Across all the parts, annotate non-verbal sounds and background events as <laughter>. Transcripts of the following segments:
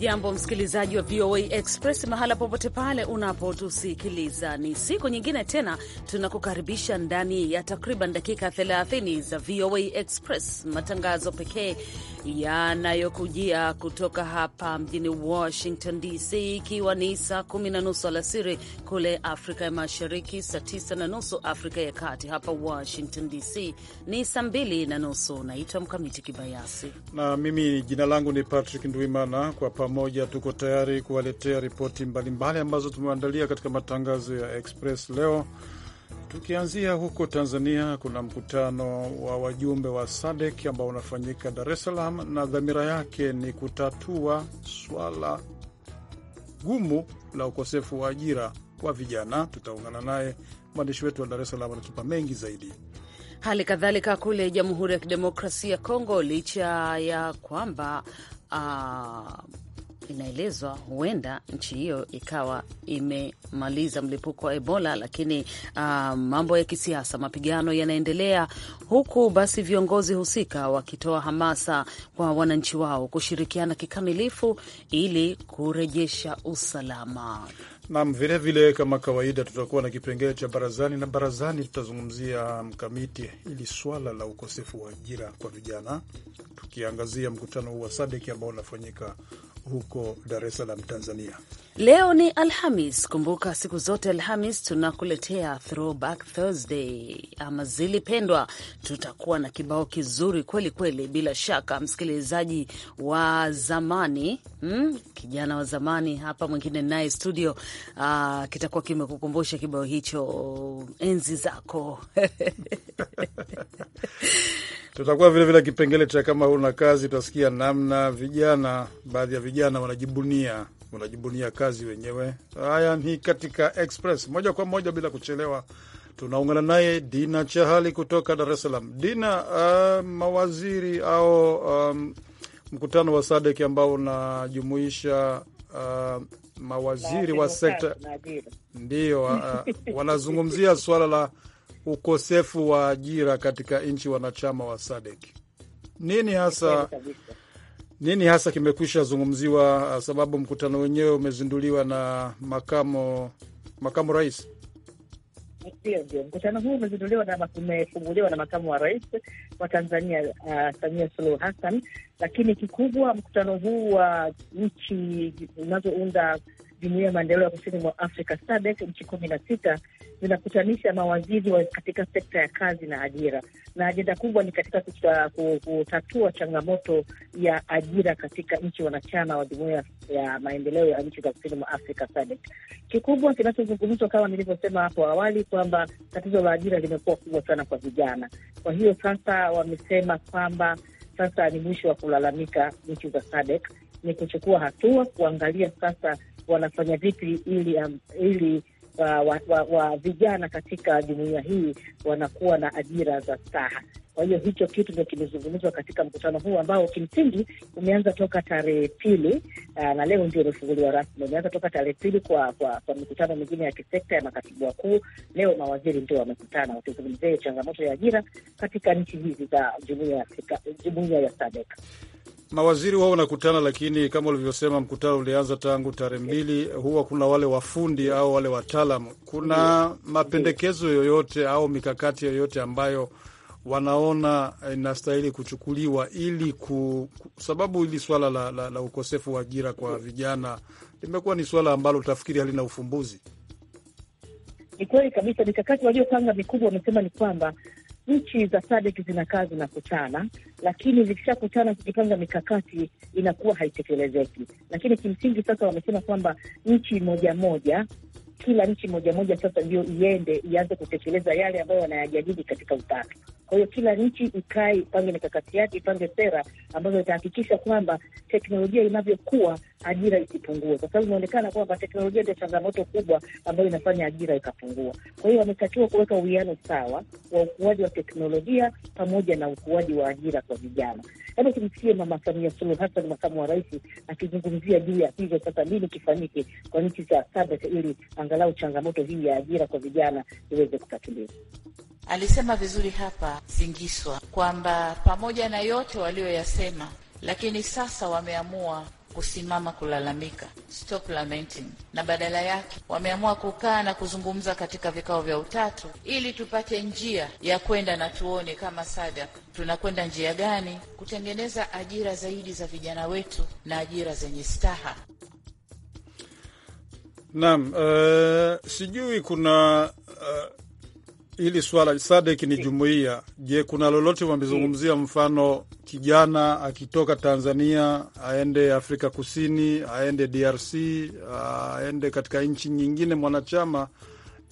Hujambo msikilizaji wa VOA Express mahala popote pale unapotusikiliza, ni siku nyingine tena tunakukaribisha ndani ya takriban dakika 30 za VOA Express, matangazo pekee yanayokujia kutoka hapa mjini Washington DC, ikiwa ni saa kumi na nusu alasiri kule Afrika ya Mashariki, saa tisa na nusu Afrika ya Kati. Hapa Washington DC ni saa mbili na nusu. Naitwa Mkamiti Kibayasi na mimi jina langu ni Patrick Ndwimana kwa pamoja tuko tayari kuwaletea ripoti mbalimbali ambazo tumeandalia katika matangazo ya Express leo, tukianzia huko Tanzania. Kuna mkutano wa wajumbe wa sadek ambao unafanyika Dar es Salaam, na dhamira yake ni kutatua swala gumu la ukosefu wa ajira kwa vijana. Tutaungana naye mwandishi wetu wa Dar es Salaam, anatupa mengi zaidi. Hali kadhalika kule Jamhuri ya Kidemokrasia ya Kongo, licha ya kwamba uh, inaelezwa huenda nchi hiyo ikawa imemaliza mlipuko wa Ebola, lakini uh, mambo ya kisiasa, mapigano yanaendelea huku, basi viongozi husika wakitoa hamasa kwa wananchi wao kushirikiana kikamilifu ili kurejesha usalama. Nam, vilevile kama kawaida, tutakuwa na kipengele cha barazani na barazani, tutazungumzia mkamiti ili swala la ukosefu wa ajira kwa vijana, tukiangazia mkutano huu wa SADEK ambao unafanyika huko Dar es Salaam, Tanzania. Leo ni Alhamis. Kumbuka siku zote Alhamis tunakuletea Throwback Thursday ama zilipendwa. Tutakuwa na kibao kizuri kweli kweli, bila shaka msikilizaji wa zamani hmm, kijana wa zamani hapa mwingine naye studio uh, kitakuwa kimekukumbusha kibao hicho enzi zako <laughs> <laughs> Tutakuwa vilevile kipengele cha kama huna kazi, utasikia namna vijana, baadhi ya vijana wanajibunia wanajibunia kazi wenyewe. Haya ni katika Express moja kwa moja bila kuchelewa. Tunaungana naye Dina Chahali kutoka Dar es Salaam. Dina, uh, mawaziri au um, mkutano wa SADC ambao unajumuisha uh, mawaziri wa sekta, ndio uh, uh wanazungumzia suala la ukosefu wa ajira katika nchi wanachama wa SADC. Nini hasa nini hasa kimekwisha zungumziwa, uh, sababu mkutano wenyewe umezinduliwa na makamo makamu rais? Ndio, ndio, mkutano huu umezinduliwa na umefunguliwa na makamu wa rais wa Tanzania uh, Samia Suluhu Hassan. Lakini kikubwa mkutano huu wa uh, nchi zinazounda jumuia ya maendeleo ya kusini mwa Afrika SADC nchi kumi na sita zinakutanisha mawaziri katika sekta ya kazi na ajira, na ajenda kubwa ni katika kutatua changamoto ya ajira katika nchi wanachama wa jumuia ya maendeleo ya nchi za kusini mwa Afrika SADC. Kikubwa kinachozungumzwa kama nilivyosema hapo awali kwamba tatizo la ajira limekuwa kubwa sana kwa vijana. Kwa hiyo sasa wamesema kwamba sasa ni mwisho wa kulalamika nchi za SADC, ni kuchukua hatua kuangalia sasa wanafanya vipi ili um, ili wa, uh, wa, wa, wa vijana katika jumuia hii wanakuwa na ajira za staha. Kwa hiyo hicho kitu ndio kimezungumzwa katika mkutano huu ambao kimsingi umeanza toka tarehe pili uh, na leo ndio umefunguliwa rasmi. Umeanza toka tarehe pili kwa kwa, kwa mikutano mingine ya kisekta ya makatibu wakuu. Leo mawaziri ndio wamekutana wakizungumzia changamoto ya ajira katika nchi hizi za jumuia ya SADC mawaziri wao wanakutana, lakini kama ulivyosema, mkutano ulianza tangu tarehe mbili. Huwa kuna wale wafundi au wale wataalam, kuna mapendekezo yoyote au mikakati yoyote ambayo wanaona eh, inastahili kuchukuliwa ili ku sababu hili swala la, la, la ukosefu wa ajira kwa vijana limekuwa ni swala ambalo tafikiri halina ufumbuzi. Ni kweli kabisa. Mikakati waliopanga mikubwa wamesema ni kwamba nchi za SADC zinakaa zinakutana, lakini zikishakutana zikipanga mikakati inakuwa haitekelezeki. Lakini kimsingi sasa wamesema kwamba nchi moja moja kila nchi moja moja sasa ndio iende ianze kutekeleza yale ambayo wanayajadili katika utatu. Kwa hiyo kila nchi ikae, ipange mikakati yake, ipange sera ambazo itahakikisha kwamba teknolojia inavyokuwa ajira isipungua, kwa sababu imeonekana kwamba teknolojia ndio changamoto kubwa ambayo inafanya ajira ikapungua. Kwa hiyo wametakiwa kuweka uwiano sawa wa ukuaji wa teknolojia pamoja na ukuaji wa ajira kwa vijana. Hebu tumsikie Mama Samia Suluhu Hassan, makamu wa rais, akizungumzia juu ya hivyo sasa nini kifanyike kwa nchi za SADC ili angalau changamoto hii ya ajira kwa vijana iweze kutatuliwa. Alisema vizuri hapa Singiswa kwamba pamoja na yote walioyasema, lakini sasa wameamua kusimama kulalamika, stop lamenting, na badala yake wameamua kukaa na kuzungumza katika vikao vya utatu ili tupate njia ya kwenda na tuone kama SADC tunakwenda njia gani kutengeneza ajira zaidi za vijana wetu na ajira zenye staha. Naam, uh, sijui kuna uh hili swala Sadek ni jumuiya. Je, kuna lolote wamezungumzia? Mfano, kijana akitoka Tanzania aende Afrika Kusini, aende DRC, aende katika nchi nyingine mwanachama,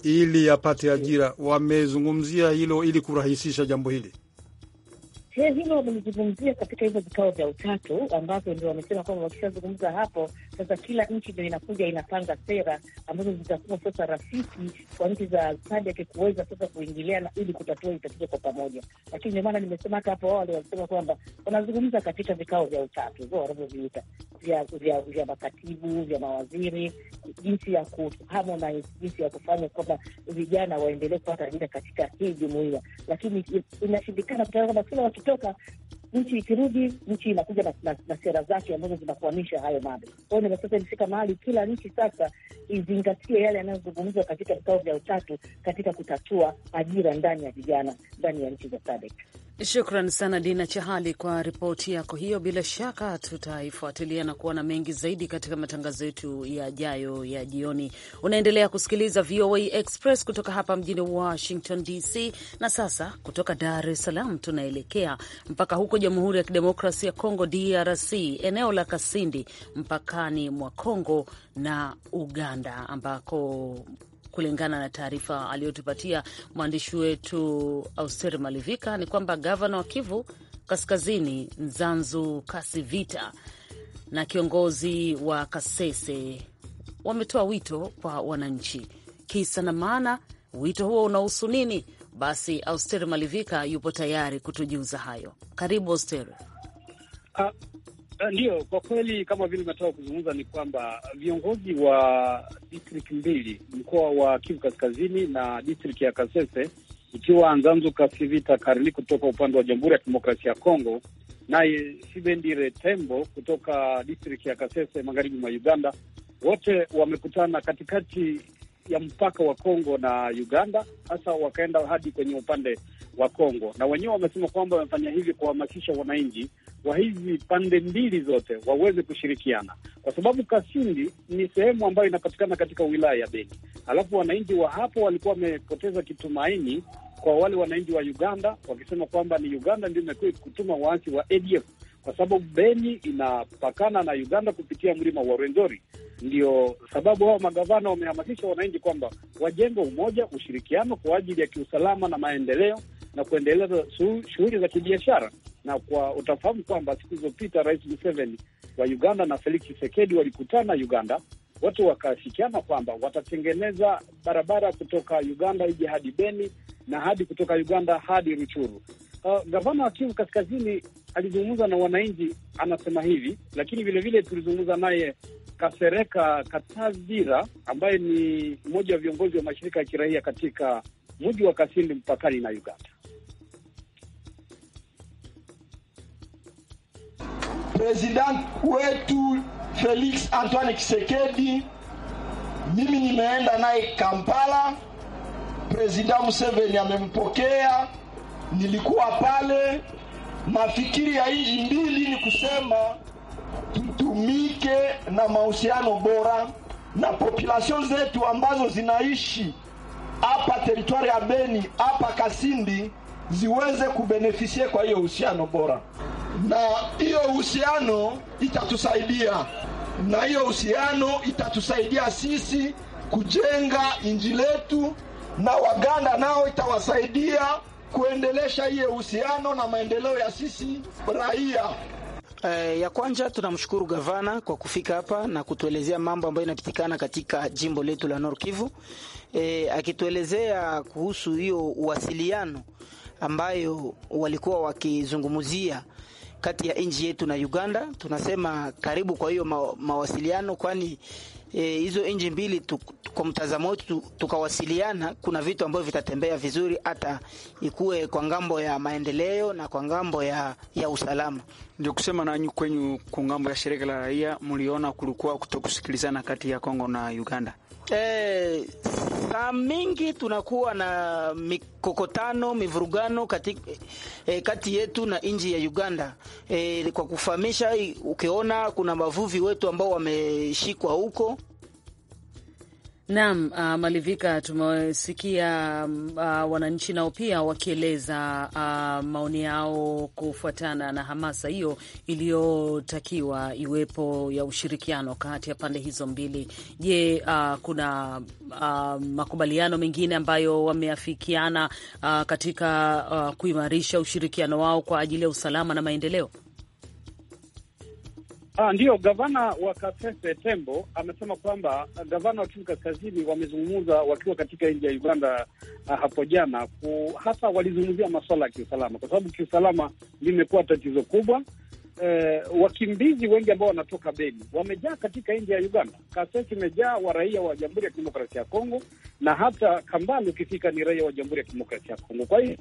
ili apate ajira. Wamezungumzia hilo ili kurahisisha jambo hili? Hilo wamelizungumzia katika hivyo vikao vya utatu, ambavyo ndio wamesema kwamba wakishazungumza hapo sasa kila nchi ndo inakuja inapanga sera ambazo zitakuwa sasa rafiki kwa nchi za SADC kuweza sasa kuingiliana ili kutatua hii tatizo kwa pamoja. Lakini ndio maana nimesema hata hapo awali walisema kwamba wanazungumza katika vikao vya utatu o wanavyoviita vya makatibu vya mawaziri, jinsi ya kuharmonize, jinsi ya kufanya kwamba vijana waendelee kupata ajira katika hii jumuia, lakini inashindikana kutokana kwamba kila wakitoka nchi ikirudi, nchi inakuja na, na, na sera zake ambazo zinakwamisha hayo mambo. Kwa hiyo nimesasa imefika mahali kila nchi sasa izingatie yale yanayozungumzwa katika vikao vya utatu katika kutatua ajira ndani ya vijana ndani ya nchi za SADC. Shukran sana Dina Chahali kwa ripoti yako hiyo. Bila shaka tutaifuatilia na kuona mengi zaidi katika matangazo yetu yajayo ya jioni. Unaendelea kusikiliza VOA Express kutoka hapa mjini Washington DC, na sasa kutoka Dar es Salaam tunaelekea mpaka huko Jamhuri ya Kidemokrasia ya Kongo, DRC, eneo la Kasindi, mpakani mwa Kongo na Uganda, ambako kulingana na taarifa aliyotupatia mwandishi wetu Auster Malivika ni kwamba gavana wa Kivu Kaskazini Nzanzu Kasivita na kiongozi wa Kasese wametoa wito kwa wananchi. Kisa na maana, wito huo unahusu nini? Basi Auster Malivika yupo tayari kutujuza hayo. Karibu Auster. Ah, Eh, ndio kwa kweli kama vile umetoka kuzungumza ni kwamba viongozi wa district mbili, mkoa wa Kivu Kaskazini na district ya Kasese, ikiwa Nzanzu Kasivita Karli kutoka upande wa Jamhuri ya Kidemokrasia ya Kongo, naye Sibendire Tembo kutoka district ya Kasese, magharibi mwa Uganda, wote wamekutana katikati ya mpaka wa Kongo na Uganda, hasa wakaenda hadi kwenye upande wa Kongo, na wenyewe wamesema kwamba wamefanya hivi kuhamasisha wananchi wa hizi pande mbili zote waweze kushirikiana, kwa sababu Kasindi ni sehemu ambayo inapatikana katika wilaya ya Beni. Alafu wananchi wa hapo walikuwa wamepoteza kitumaini kwa wale wananchi wa Uganda, wakisema kwamba ni Uganda ndio imekuwa kutuma waasi wa ADF kwa sababu Beni inapakana na Uganda kupitia mlima wa Rwenzori. Ndio sababu hao magavana wamehamasisha wananchi kwamba wajenge umoja, ushirikiano kwa ajili ya kiusalama na maendeleo na kuendeleza shughuli za kibiashara. Na kwa utafahamu kwamba siku zilizopita Rais Museveni wa Uganda na Felix Tshisekedi walikutana Uganda, watu wakashikiana kwamba watatengeneza barabara kutoka Uganda ije hadi Beni na hadi kutoka Uganda hadi Ruchuru. Uh, gavana wa Kivu Kaskazini alizungumza na wananchi, anasema hivi, lakini vilevile tulizungumza naye Kasereka Katazira ambaye ni mmoja wa viongozi wa mashirika ya kiraia katika mji wa Kasindi mpakani na Uganda. president wetu Felix Antoine Kisekedi, mimi nimeenda naye Kampala. President Museveni amempokea, nilikuwa pale. Mafikiri ya nchi mbili ni kusema tutumike na mahusiano bora na population zetu ambazo zinaishi hapa teritwari ya Beni hapa Kasindi ziweze kubenefisie kwa hiyo uhusiano bora na hiyo uhusiano itatusaidia, na hiyo uhusiano itatusaidia sisi kujenga inji letu, na Waganda nao itawasaidia kuendelesha hiyo uhusiano na maendeleo ya sisi raia. Uh, ya kwanza tunamshukuru gavana kwa kufika hapa na kutuelezea mambo ambayo inapitikana katika jimbo letu la North Kivu. Uh, akituelezea kuhusu hiyo uwasiliano ambayo walikuwa wakizungumzia kati ya nchi yetu na Uganda. Tunasema karibu kwa hiyo mawasiliano kwani e, hizo e, nchi mbili tu, kwa mtazamo wetu tukawasiliana, kuna vitu ambavyo vitatembea vizuri, hata ikuwe kwa ngambo ya maendeleo na kwa ngambo ya, ya usalama. Ndio kusema nanyi kwenyu kwa ngambo ya shirika la raia mliona kulikuwa kutokusikilizana kati ya Kongo na Uganda. Eh, saa mingi tunakuwa na mikokotano mivurugano kati, eh, kati yetu na nchi ya Uganda eh, kwa kufahamisha, ukiona kuna wavuvi wetu ambao wameshikwa huko Naam, uh, Malivika, tumesikia um, uh, wananchi nao pia wakieleza uh, maoni yao kufuatana na hamasa hiyo iliyotakiwa iwepo ya ushirikiano kati ya pande hizo mbili. Je, uh, kuna uh, makubaliano mengine ambayo wameafikiana uh, katika uh, kuimarisha ushirikiano wao kwa ajili ya usalama na maendeleo? Ah, ndiyo gavana wa Kasese Tembo amesema kwamba gavana wa Kivu Kaskazini wamezungumza wakiwa katika nchi ya Uganda ah, hapo jana ku, hasa walizungumzia masuala ya kiusalama, kwa sababu kiusalama limekuwa tatizo kubwa. Eh, wakimbizi wengi ambao wanatoka Beni wamejaa katika nchi ya Uganda. Kasese imejaa wa raia wa Jamhuri ya Kidemokrasia ya Kongo, na hata Kambale ukifika ni raia wa Jamhuri ya Kidemokrasia ya Kongo. Kwa hiyo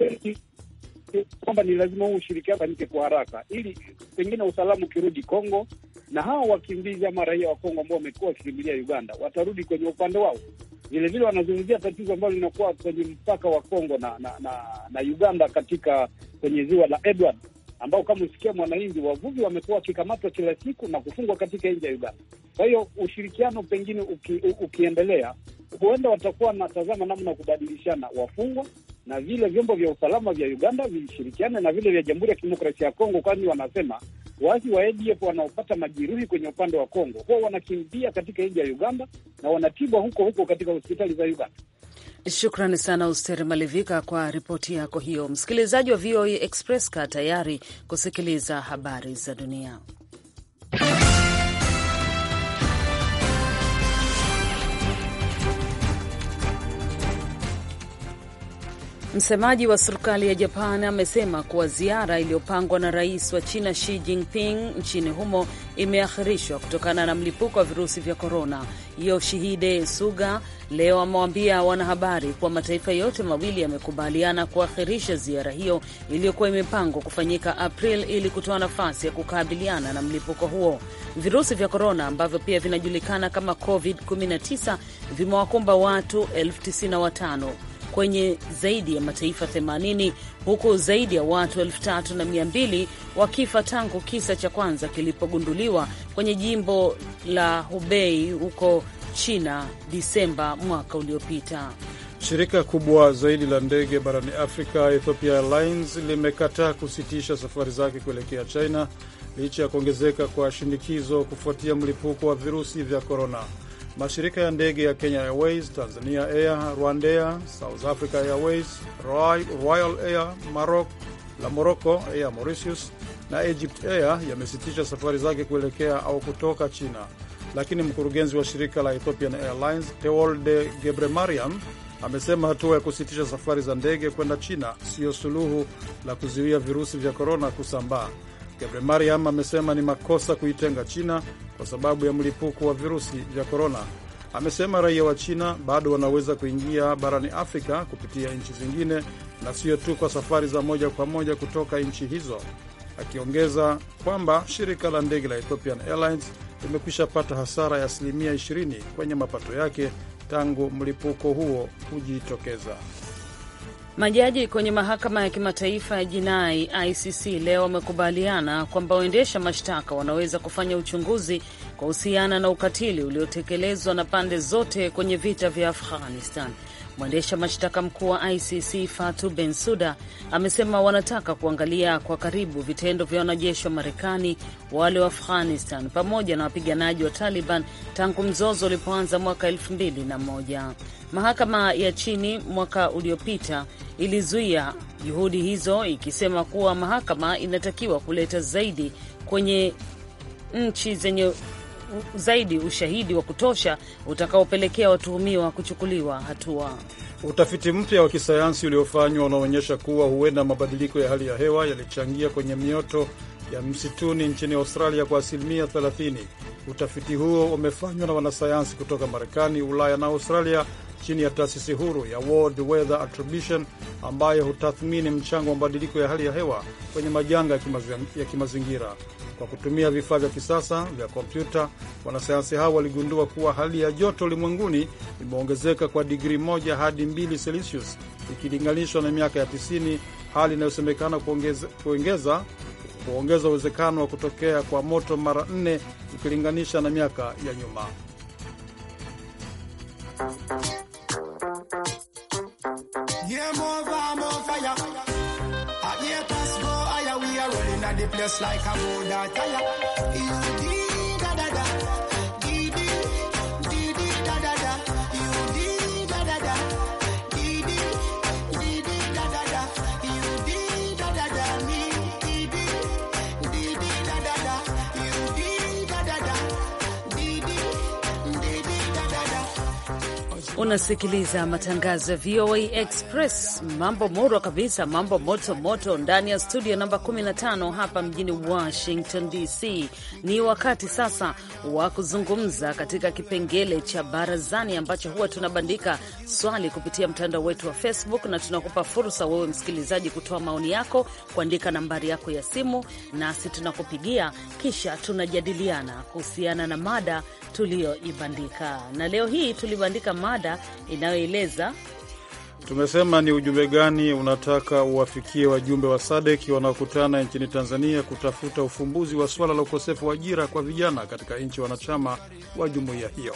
kwamba ni lazima huu ushirikiano ufanyike kwa haraka, ili pengine usalama ukirudi Kongo na hawa wakimbizi ama raia wa Kongo ambao wamekuwa wakikimbilia Uganda watarudi kwenye upande wao. Vilevile wanazungumzia tatizo ambalo linakuwa kwenye mpaka wa Kongo na, na, na, na Uganda katika kwenye ziwa la Edward ambao kama usikia Mwananchi, wavuvi wamekuwa wakikamatwa kila siku na kufungwa katika nchi ya Uganda. Kwa hiyo ushirikiano pengine uki, ukiendelea, huenda watakuwa tazama namna ya kubadilishana wafungwa na vile vyombo vya usalama vya Uganda vilishirikiana na vile vya Jamhuri ya Kidemokrasia ya Kongo, kwani wanasema waasi wa ADF wanaopata majeruhi kwenye upande wa Kongo huwa wanakimbia katika nchi ya Uganda na wanatibwa huko huko katika hospitali za Uganda. Shukrani sana Usteri Malivika kwa ripoti yako hiyo. Msikilizaji wa VOA e Express, kaa tayari kusikiliza habari za dunia. Msemaji wa serikali ya Japan amesema kuwa ziara iliyopangwa na rais wa China Xi Jinping nchini humo imeakhirishwa kutokana na mlipuko wa virusi vya korona. Yoshihide Suga leo amewaambia wanahabari kuwa mataifa yote mawili yamekubaliana kuahirisha ziara hiyo iliyokuwa imepangwa kufanyika April ili kutoa nafasi ya kukabiliana na mlipuko huo. Virusi vya korona ambavyo pia vinajulikana kama COVID-19 vimewakumba watu elfu tisini na kwenye zaidi ya mataifa 80 huku zaidi ya watu 3200 wakifa tangu kisa cha kwanza kilipogunduliwa kwenye jimbo la Hubei huko China Disemba mwaka uliopita. Shirika kubwa zaidi la ndege barani Afrika, Ethiopia Airlines, limekataa kusitisha safari zake kuelekea China licha ya kuongezeka kwa shinikizo kufuatia mlipuko wa virusi vya korona. Mashirika ya ndege ya Kenya Airways, Tanzania Air, Rwandair, South Africa Airways, Royal Air Maroc, la Morocco, Air Mauritius na Egypt Air yamesitisha safari zake kuelekea au kutoka China, lakini mkurugenzi wa shirika la Ethiopian Airlines Tewolde Gebremariam amesema hatua ya kusitisha safari za ndege kwenda China siyo suluhu la kuzuia virusi vya korona kusambaa. Mariam amesema ni makosa kuitenga China kwa sababu ya mlipuko wa virusi vya korona. Amesema raia wa China bado wanaweza kuingia barani Afrika kupitia nchi zingine na sio tu kwa safari za moja kwa moja kutoka nchi hizo, akiongeza kwamba shirika la ndege la Ethiopian Airlines limekwisha pata hasara ya asilimia 20 kwenye mapato yake tangu mlipuko huo kujitokeza. Majaji kwenye mahakama ya kimataifa ya jinai ICC leo wamekubaliana kwamba waendesha mashtaka wanaweza kufanya uchunguzi kuhusiana na ukatili uliotekelezwa na pande zote kwenye vita vya Afghanistan. Mwendesha mashtaka mkuu wa ICC Fatu Bensuda amesema wanataka kuangalia kwa karibu vitendo vya wanajeshi wa Marekani, wale wa Afghanistan pamoja na wapiganaji wa Taliban tangu mzozo ulipoanza mwaka elfu mbili na moja. Mahakama ya chini mwaka uliopita ilizuia juhudi hizo ikisema kuwa mahakama inatakiwa kuleta zaidi kwenye nchi zenye zaidi ushahidi wa kutosha utakaopelekea watuhumiwa kuchukuliwa hatua. Utafiti mpya wa kisayansi uliofanywa unaonyesha kuwa huenda mabadiliko ya hali ya hewa yalichangia kwenye mioto ya msituni nchini Australia kwa asilimia 30. Utafiti huo umefanywa na wanasayansi kutoka Marekani, Ulaya na Australia chini ya taasisi huru ya World Weather Attribution ambayo hutathmini mchango wa mabadiliko ya hali ya hewa kwenye majanga ya kimazingira. Kwa kutumia vifaa vya kisasa vya kompyuta, wanasayansi hao waligundua kuwa hali ya joto ulimwenguni imeongezeka kwa digrii moja hadi mbili Celsius ikilinganishwa na miaka ya 90, hali inayosemekana kuongeza, kuongeza uwezekano wa kutokea kwa moto mara nne ukilinganisha na miaka ya nyuma. More I'm on fire. I hear us go higher, we are rolling at the place like a motor tire. It's the Unasikiliza matangazo ya VOA Express. Mambo murwa kabisa, mambo moto moto ndani ya studio namba 15 hapa mjini Washington DC. Ni wakati sasa wa kuzungumza katika kipengele cha barazani ambacho huwa tunabandika swali kupitia mtandao wetu wa Facebook, na tunakupa fursa wewe msikilizaji kutoa maoni yako, kuandika nambari yako ya simu, nasi tunakupigia, kisha tunajadiliana kuhusiana na mada tuliyoibandika. Na leo hii tulibandika mada mada inayoeleza Tumesema ni ujumbe gani unataka uwafikie wajumbe wa sadek wanaokutana nchini Tanzania kutafuta ufumbuzi wa suala la ukosefu wa ajira kwa vijana katika nchi wanachama wa jumuiya hiyo.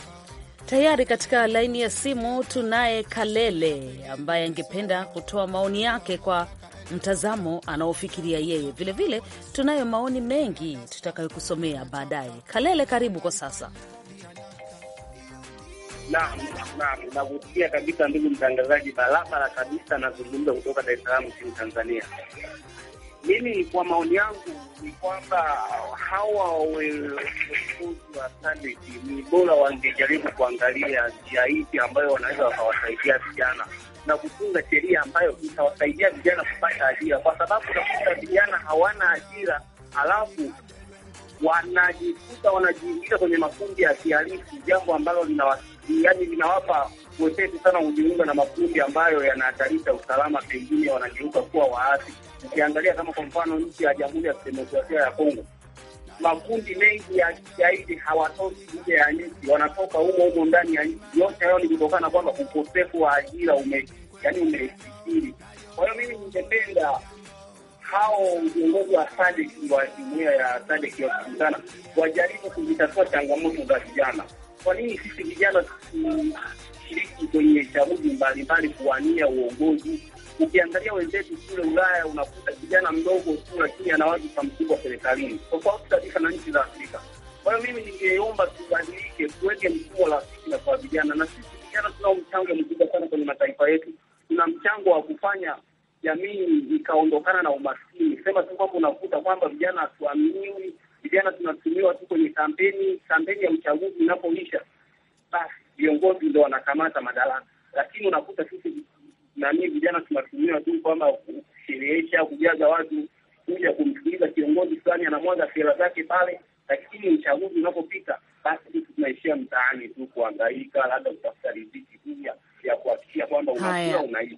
Tayari katika laini ya simu tunaye Kalele ambaye angependa kutoa maoni yake kwa mtazamo anaofikiria yeye. Vilevile tunayo maoni mengi tutakayokusomea baadaye. Kalele, karibu kwa sasa. Naam, naam, nakusikia kabisa ndugu mtangazaji, barabara kabisa. Nazungumza kutoka Dar es Salaam nchini Tanzania. Mimi kwa maoni yangu ni kwamba hawa wongozi wa SADC ni bora wangejaribu kuangalia njia hipi ambayo wanaweza wakawasaidia vijana na kutunga sheria ambayo itawasaidia vijana kupata ajira, kwa sababu nakuta vijana hawana ajira alafu wanajikuta wanajiingiza kwenye makundi ya kihalifu, jambo ambalo linawa yani vinawapa wepesi sana kujiunga na makundi ambayo yanahatarisha usalama, pengine wanageuka kuwa waasi. Ukiangalia kama kwa mfano nchi ya Jamhuri ya Kidemokrasia ya Kongo, makundi mengi ya kigaidi hawatoki nje ya nchi, wanatoka humo humo ndani ya nchi. Yote hayo ni kutokana kwamba ukosefu wa ajira ume, yani umefikiri. Kwa hiyo mimi ningependa hao viongozi wa SADC wa jumuia ya SADC wakikutana wajaribu kuzitatua changamoto za vijana kwa nini sisi vijana tusishiriki kwenye chaguzi mbalimbali kuwania uongozi? Ukiangalia wenzetu kule Ulaya unakuta kijana mdogo tu, lakini ana wadhifa mkubwa serikalini, tofauti kabisa na nchi za Afrika. Kwa hiyo mimi ningeomba tubadilike, tuweke mfumo rafiki na kwa vijana, na sisi vijana tunao mchango mkubwa sana kwenye mataifa yetu. Tuna mchango wa kufanya jamii ikaondokana na umaskini. Sema tu kwamba unakuta kwamba vijana hatuaminiwi vijana tunatumiwa tu kwenye kampeni. Kampeni ya uchaguzi unapoisha, basi viongozi ndo wanakamata madaraka, lakini unakuta sisi nani vijana tunatumiwa tu kwamba kusherehesha, kujaza watu, kuja kumsikiliza kiongozi fulani, anamwaga sera zake pale, lakini uchaguzi unapopita, basi sisi tunaishia mtaani tu kuangaika, labda kutafuta riziki tu ya kuhakikisha kwamba unakula unaisha.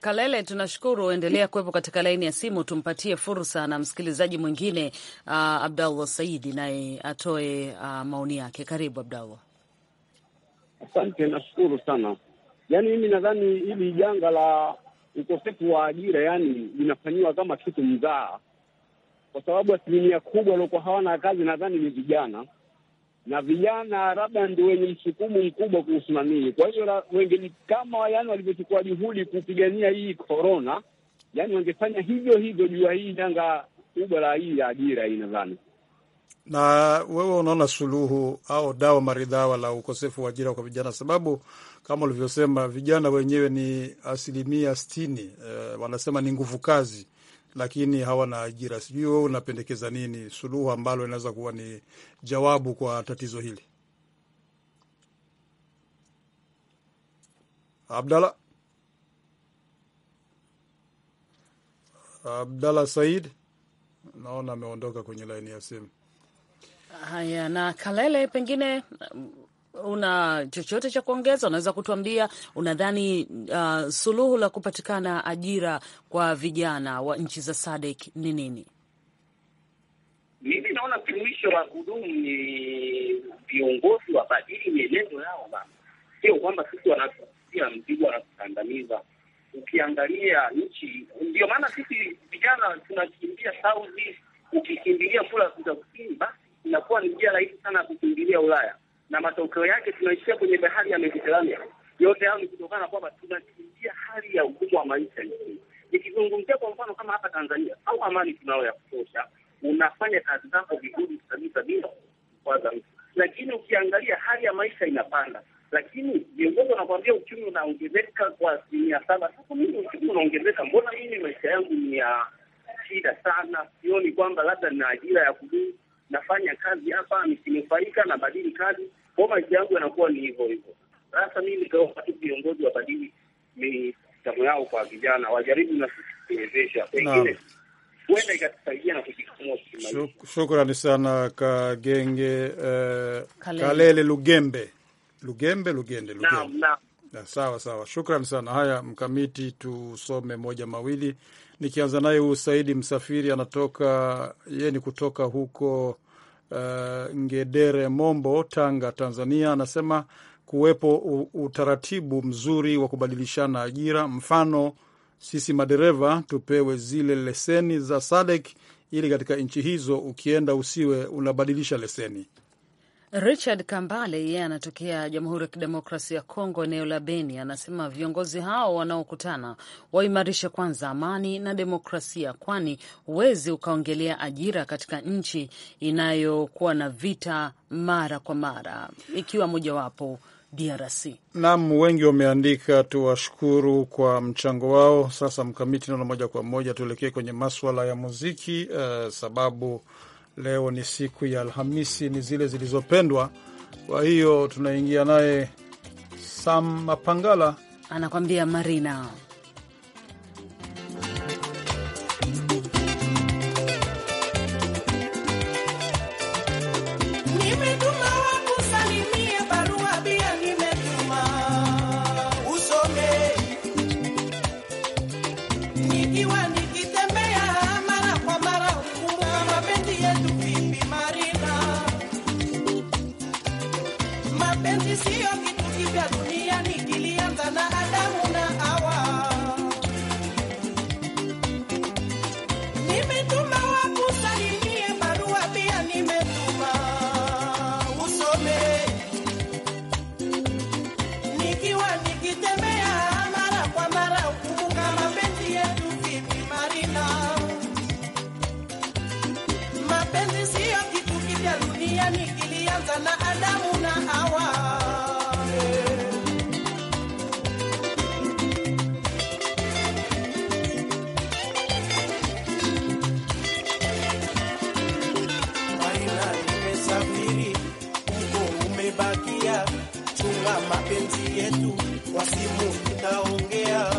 Kalele, tunashukuru. Endelea kuwepo katika laini ya simu, tumpatie fursa na msikilizaji mwingine uh, Abdallah Saidi naye atoe uh, maoni yake. Karibu Abdallah. Asante, nashukuru sana. Yaani mimi nadhani hili janga la ukosefu wa ajira, yani linafanyiwa kama kitu mzaa kwa sababu asilimia kubwa waliokuwa hawana kazi nadhani ni vijana na vijana labda ndio wenye msukumu mkubwa kuusimamia. Kwa hiyo wengi kama yani walivyochukua juhudi kupigania hii korona, yani wangefanya hivyo hivyo juu ya hii janga kubwa la hii ya ajira hii. Nadhani na wewe unaona suluhu au dawa maridhawa la ukosefu wa ajira kwa vijana, sababu kama ulivyosema vijana wenyewe ni asilimia sitini, e, wanasema ni nguvu kazi lakini hawana ajira. Sijui wewe unapendekeza nini suluhu ambalo inaweza kuwa ni jawabu kwa tatizo hili? abdala Abdala Said naona ameondoka kwenye laini ya simu. Haya, na Kalele, pengine una chochote cha kuongeza? Unaweza kutuambia unadhani uh, suluhu la kupatikana ajira kwa vijana wa nchi za SADC ni nini? Mimi naona suluhisho la kudumu ni viongozi wabadili mienendo yao sio kwamba sisi wanatuia mzigo wanatukandamiza. Ukiangalia nchi, ndio maana sisi vijana tunakimbia Saudi. Ukikimbilia kula za kusini, basi inakuwa ni njia rahisi sana ya kukimbilia Ulaya na matokeo yake tunaishia kwenye bahari ya Mediterania. Yote hayo ni kutokana kwamba tunakimbia hali ya ugumu wa maisha nchini. Nikizungumzia kwa mfano kama hapa Tanzania au amani tunayo ya kutosha, unafanya kazi zako vizuri kabisa bila kukwaza mtu, lakini ukiangalia hali ya maisha inapanda, lakini viongozi wanakuambia uchumi unaongezeka kwa asilimia saba. Sasa mimi uchumi unaongezeka, mbona mimi maisha yangu ni ya shida sana? Sioni kwamba labda nina ajira ya kudumu, nafanya kazi hapa nikinufaika, nabadili kazi kwa maisha yangu yanakuwa ni hivyo hivyo. Sasa mimi nikaomba tu viongozi wabadili mitazamo yao kwa vijana, wajaribu na kuwezesha pengine Shukrani sana Kagenge uh, Kalele Kalele Lugembe Lugembe Lugende Lugembe na, na. Sawa sawa, shukrani sana. Haya, Mkamiti, tusome moja mawili, nikianza naye huu Saidi Msafiri anatoka ye ni kutoka huko uh, Ngedere Mombo, Tanga, Tanzania, anasema kuwepo utaratibu mzuri wa kubadilishana ajira, mfano sisi madereva tupewe zile leseni za Sadek ili katika nchi hizo ukienda usiwe unabadilisha leseni. Richard Kambale yeye yeah, anatokea Jamhuri ya Kidemokrasia ya Kongo, eneo la Beni, anasema viongozi hao wanaokutana waimarishe kwanza amani na demokrasia, kwani huwezi ukaongelea ajira katika nchi inayokuwa na vita mara kwa mara, ikiwa mojawapo DRC. Naam, wengi wameandika, tuwashukuru kwa mchango wao. Sasa mkamiti, naona moja kwa moja tuelekee kwenye maswala ya muziki, uh, sababu Leo ni siku ya Alhamisi, ni zile zilizopendwa. Kwa hiyo tunaingia naye Sam Mapangala anakwambia Marina. yaliyobakia, chunga mapenzi yetu, kwa simu tutaongea.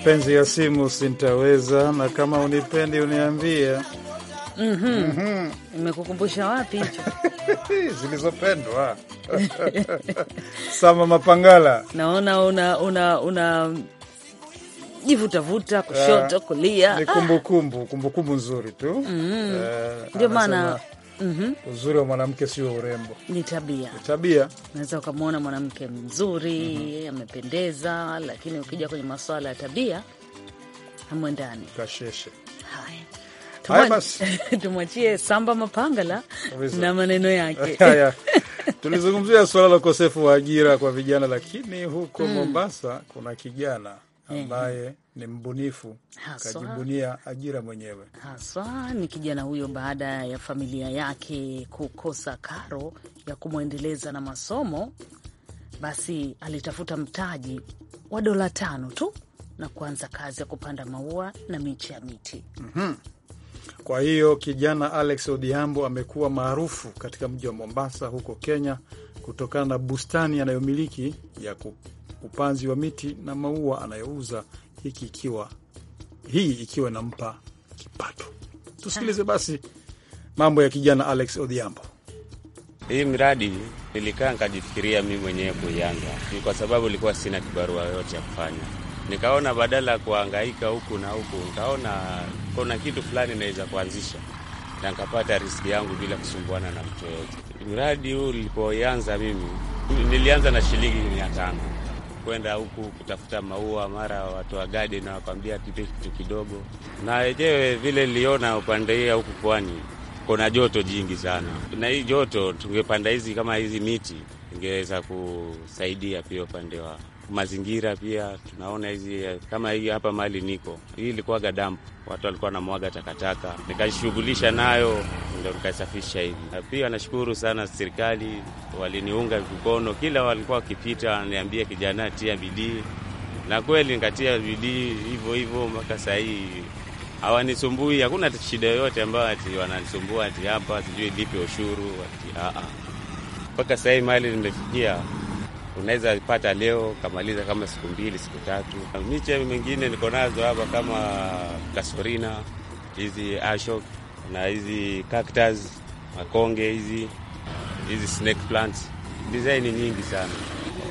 mapenzi ya simu sintaweza, na kama unipendi uniambia. Mm-hmm. Imekukumbusha wapi hicho? <laughs> Zilizopendwa. <laughs> Sama Mapangala, naona una una una jivutavuta kushoto ah, kulia, ni kumbukumbu kumbukumbu nzuri tu, mm. eh, ndio maana mm -hmm. Uzuri wa mwanamke sio urembo, ni tabia. Ni tabia. Unaweza ukamwona mwanamke mzuri mm -hmm. amependeza, lakini ukija kwenye masuala ya tabia hamwendani, kasheshe. Haya, <laughs> tumwachie Samba Mapangala na maneno yake <laughs> tulizungumzia suala la ukosefu wa ajira kwa vijana, lakini huko mm. Mombasa kuna kijana ambaye ni mbunifu kajibunia ajira mwenyewe haswa. Ni kijana huyo, baada ya familia yake kukosa karo ya kumwendeleza na masomo, basi alitafuta mtaji wa dola tano tu na kuanza kazi ya kupanda maua na miche ya miti. mm -hmm. Kwa hiyo kijana Alex Odhiambo amekuwa maarufu katika mji wa Mombasa huko Kenya kutokana na bustani anayomiliki ya, ya upanzi wa miti na maua anayouza, hiki ikiwa hii ikiwa inampa kipato. Tusikilize basi mambo ya kijana Alex Odhiambo. Hii miradi nilikaa nikajifikiria mimi mwenyewe kuianza, ni kwa sababu ilikuwa sina kibarua yoyote ya kufanya. Nikaona badala ya kuangaika huku na huku, nikaona kuna kitu fulani naweza kuanzisha na nikapata riski yangu bila kusumbuana na mtu yoyote. Mradi huu nilipoianza mimi nilianza na shilingi mia tano kwenda huku kutafuta maua, mara watu wa gadi na wakwambia tupe kitu kidogo. Na wenyewe vile niliona upande hii huku pwani kuna joto jingi sana, na hii joto tungepanda hizi kama hizi miti ingeweza kusaidia pia upande wa mazingira pia tunaona hizi kama hii hapa mali niko hii ilikuwaga dampu, watu walikuwa wanamwaga takataka, nikashughulisha nayo ndo nikasafisha hivi. Pia nashukuru sana serikali, waliniunga mkono kila walikuwa wakipita, wananiambia kijana, tia bidii, na kweli nikatia bidii hivyo hivyo mpaka sahii hawanisumbui. Hakuna shida yoyote ambayo ati wananisumbua ati hapa sijui lipe ushuru ati ah, ah. mpaka sahii mali nimefikia unaweza pata leo kamaliza kama siku mbili siku tatu. Miche mingine niko nazo hapa kama kasorina, hizi ashok na hizi cactus, makonge hizi hizi snake plants, design nyingi sana.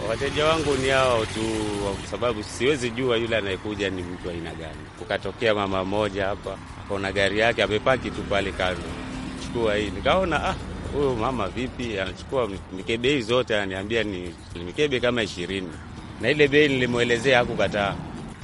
Wateja wangu ni hao tu, kwa sababu siwezi jua yule anayekuja ni mtu aina gani. Kukatokea mama mmoja hapa akaona gari yake amepaki tu pale kando, chukua hii, nikaona ah huyu mama vipi, anachukua mikebe hii zote, ananiambia ni mikebe kama ishirini, na ile bei nilimwelezea hakukataa,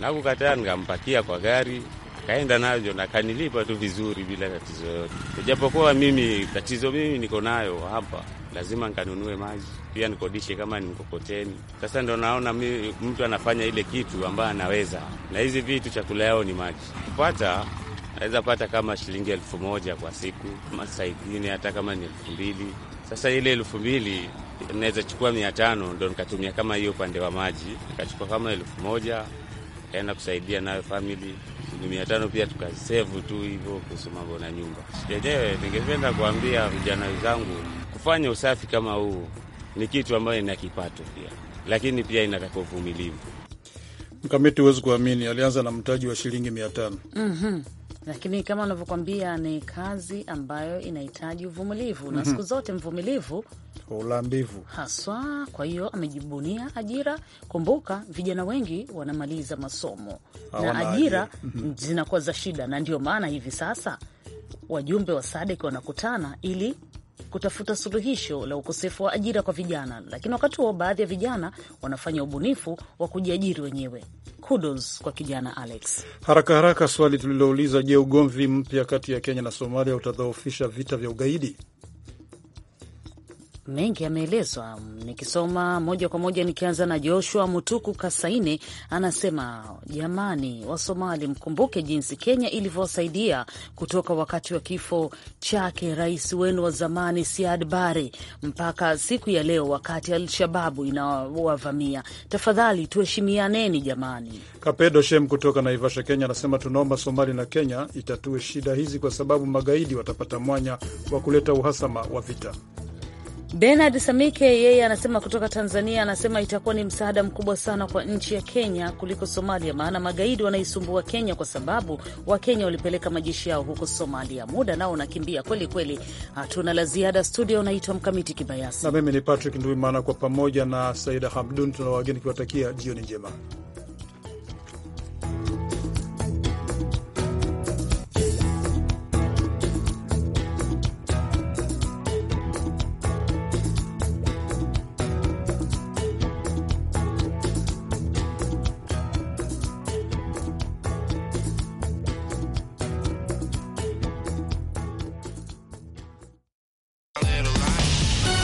na hakukataa, nikampakia kwa gari akaenda navyo na kanilipa tu vizuri bila tatizo yote ijapokuwa mimi tatizo mimi niko nayo hapa, lazima nkanunue maji pia nikodishe kama ni mkokoteni. Sasa ndo naona mtu anafanya ile kitu ambayo anaweza, na hizi vitu chakula yao ni maji kupata naweza pata kama shilingi elfu moja kwa siku, saa ingine hata kama ni elfu mbili. Sasa ile elfu mbili naweza chukua mia tano ndo nikatumia kama hiyo upande wa maji, nikachukua kama elfu moja kaenda kusaidia nayo famili ni mia tano pia tukasevu tu hivyo kuhusu mambo na nyumba yenyewe. Ningependa kuambia vijana wenzangu kufanya usafi kama huu ni kitu ambayo ina kipato pia, lakini pia inataka uvumilivu. Mkamiti, huwezi kuamini, alianza na mtaji wa shilingi mia tano. mm -hmm. Lakini kama unavyokwambia ni kazi ambayo inahitaji uvumilivu na mhm. siku zote mvumilivu ulambivu haswa. Kwa hiyo amejibunia ajira. Kumbuka vijana wengi wanamaliza masomo Awana na ajira mhm. zinakuwa za shida, na ndio maana hivi sasa wajumbe wa SADC wanakutana ili kutafuta suluhisho la ukosefu wa ajira kwa vijana, lakini wakati huo baadhi ya vijana wanafanya ubunifu wa kujiajiri wenyewe. Kudos kwa kijana Alex. Haraka haraka swali tulilouliza: Je, ugomvi mpya kati ya Kenya na Somalia utadhoofisha vita vya ugaidi? mengi yameelezwa, nikisoma moja kwa moja, nikianza na Joshua Mutuku Kasaine anasema, jamani Wasomali, mkumbuke jinsi Kenya ilivyowasaidia kutoka wakati wa kifo chake rais wenu wa zamani Siad Barre mpaka siku ya leo, wakati Alshababu inawavamia. Tafadhali tuheshimianeni jamani. Kapedo Shem kutoka Naivasha, Kenya anasema, tunaomba Somali na Kenya itatue shida hizi, kwa sababu magaidi watapata mwanya wa kuleta uhasama wa vita. Benard Samike yeye anasema kutoka Tanzania, anasema itakuwa ni msaada mkubwa sana kwa nchi ya Kenya kuliko Somalia, maana magaidi wanaisumbua Kenya kwa sababu Wakenya walipeleka majeshi yao huko Somalia. Muda nao unakimbia kweli kweli, hatuna la ziada. Studio unaitwa Mkamiti Kibayasi na mimi ni Patrick Nduimana, kwa pamoja na Saida Hamdun tuna wageni kiwatakia jioni njema.